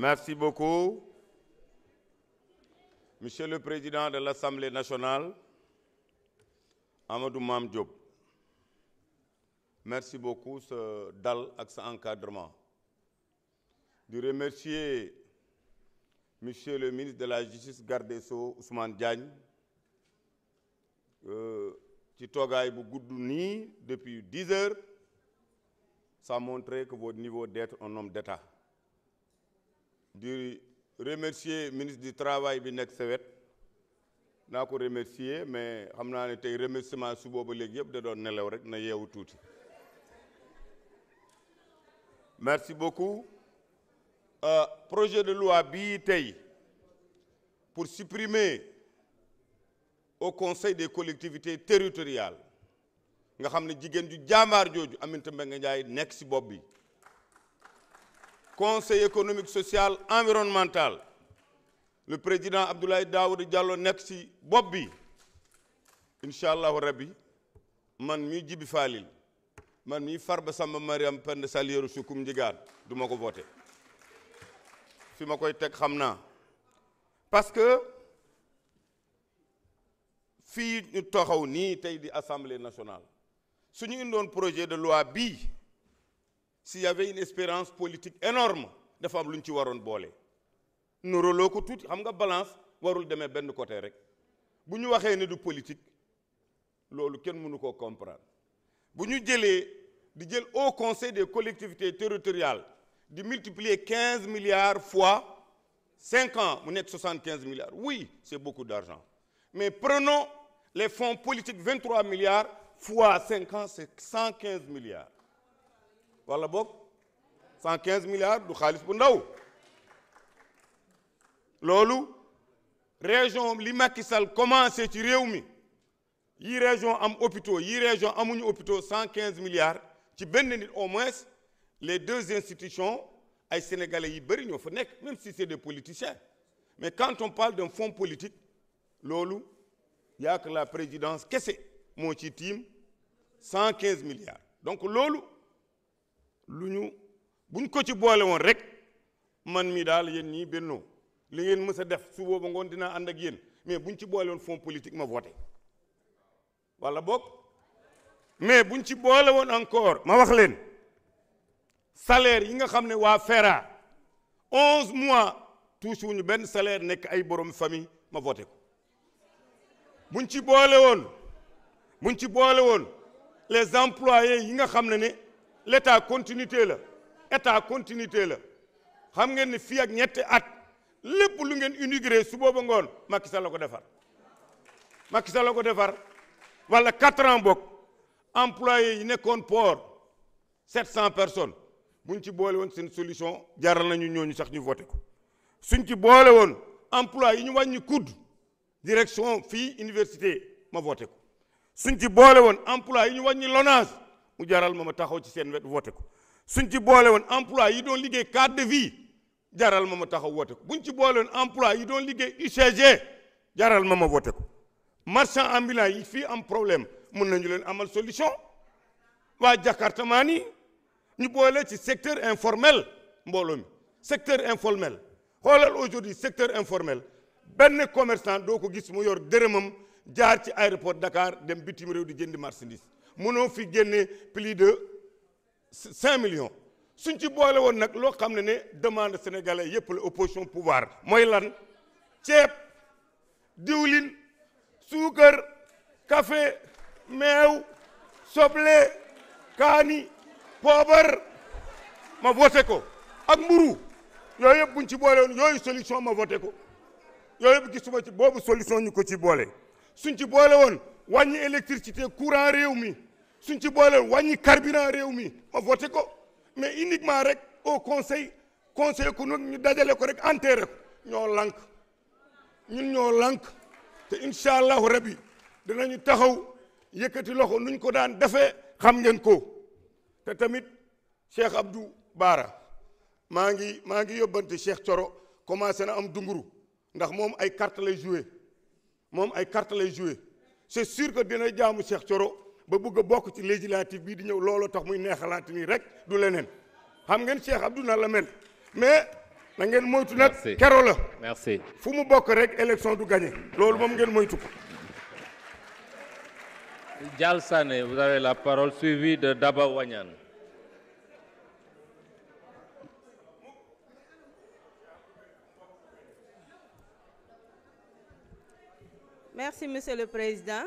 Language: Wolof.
Merci beaucoup. Monsieur le Président de l'Assemblée nationale, Amadou maam Diop, merci beaucoup ce dal ak sa encadrement. De remercier Monsieur le ministre de la Justice garde so Sceaux Ousmane Diagne euh, ci toogaay bu gudd nii depuis dix heures ça montrait que votre niveau d'être un homme d'État. di remercier ministre du travail bi nekk sa naa ko remercier mais xam naa ne tey remerciement su boobu léegi yëpp da doon nelaw rek na yeewu tuuti merci beaucoup euh, projet de loi bii tey pour supprimer au conseil des collectivités territoriales nga xam ne jigéen ju jaambaar jooju Aminata Mbengue Ndiaye nekk ci bopp bi conseil économique sociale environnemental le président Abdoulaye Daouda Diallo nekk ci bopp bi incha allahu rabbi man mii jibi faalil man mii ba samba mariam pend salieru sukum njigaan du duma ko voté fi ma koy teg xam naa parce que fii taxaw nii tey di assemblée nationale suñu indoon projet de loi bii s'il y avait une espérance politique énorme dafa am lu ñu ci waroon boole nuraloo ko tuuti xam nga balance warul demee benn côté rek bu ñu waxee ne du politique loolu kenn munu koo comprendre bu ñu jëlee di jël haut conseil des collectivités territoriale di multiplier quinze milliards fois cinq ans mu nekk soixante quinze milliards oui c'est beaucoup d'argent mais prenons les fonds politiques vingt trois milliards fois cinq ans c'est cent quinze milliards wala boog cent quinze milliards du xaalis bu ndaw loolu région li Macky Sall commencé ci réew mi yi région am hôpitaux yi région amuñu hôpitaux cent quinze milliards ci benn nit au moins les deux institutions ay sénégalais yi bëri ñoo fa nekk même si c'est des politiciens mais quand on parle d'un fonds politique loolu yaa la présidence kese moo ci tiim cent quinze milliards donc loolu lu ñu buñ ko ci boole woon rek man mii daal yéen ñii bennoo li ngeen mës a def su booba ngoon dinaa ànd ak yéen mais buñ ci boole woon fond politique ma voté wala boog mais buñ ci boole woon encore ma wax leen salaire yi nga xam ne waa FERA onze mois touche wuñu benn salaire nekk ay borom famille ma voté ko buñ ci boolewoon woon buñ ci boole woon les employés yi nga xam ne ne ta continuité la état continuité la xam ngeen ni fii ak ñetti at lépp lu ngeen unigré su booba ngoon Macky la ko defar Macky Sall ko defar wala quatre ans bokk employé yi nekkoon port sept cent personnes buñ ci boole woon seen solution jaral nañu ñooñu sax ñu voté ko suñ ci boole woon emploi yi ñu wàññi kudd direction fii université ma voté ko suñ ci boole woon emploi yi ñu wàññi lonage mu jaral ma ma taxaw ci seen wet woote ko suñ ci boole woon emploi yi doon liggéey cadre de vie jaral ma ma taxaw woote ko buñ ci boole woon emploi yi doon liggéey UCG jaral ma ma woote ko marchand ambulant yi fii am problème mun nañu leen amal solution waa jakartamaan yi ñu boole ci secteur informel mbooloo secteur informel xoolal aujourd'hui secteur informel benn commerçant doo ko gis mu yor mam jaar ci aéroport Dakar dem bitim réew di jëndi marchandise mënoo fi génne plus de cinq millions suñ ci boole woon nag loo xam ne ne demande sénégalais yëpp la opposition pouvoir mooy lan ceeb diwlin suukar café meew soble kaani poobar ma voté ko ak mburu yooyu yëpp buñ ci boole woon yooyu solution ma voté ko yooyu yëpp gisuma ci boobu solution ñu ko ci boole suñ ci boole woon wàññi électricité courant réew mi suñ ci booleel wàññi carburant réew mi ma voté ko mais uniquement rek au conseil conseil économique ñu dajale ko rek enterré ñoo lànk ñun ñoo lank te incha allahu rabi dinañu taxaw yëkkati loxo nuñ ko daan defee xam ngeen ko te tamit Cheikh Abdou Baara maa ngi maa ngi yóbbante Cheikh Coro commencé na am dunguru ndax moom ay carte lay joué moom ay carte lay joué c'est sûr que dina jaamu Cheikh Thioro ba bëgg bokk ci législative bii di ñëw looloo tax muy neexalaat nii rek du leneen xam ngeen Cheikh Abdou na la mel mais na ngeen moytu nag. kero la merci fu mu bokk rek élection du gagné loolu moom ngeen moytu ko. Dial Sané vous avez la parole suivie de Daba Wañan Merci, Monsieur le Président.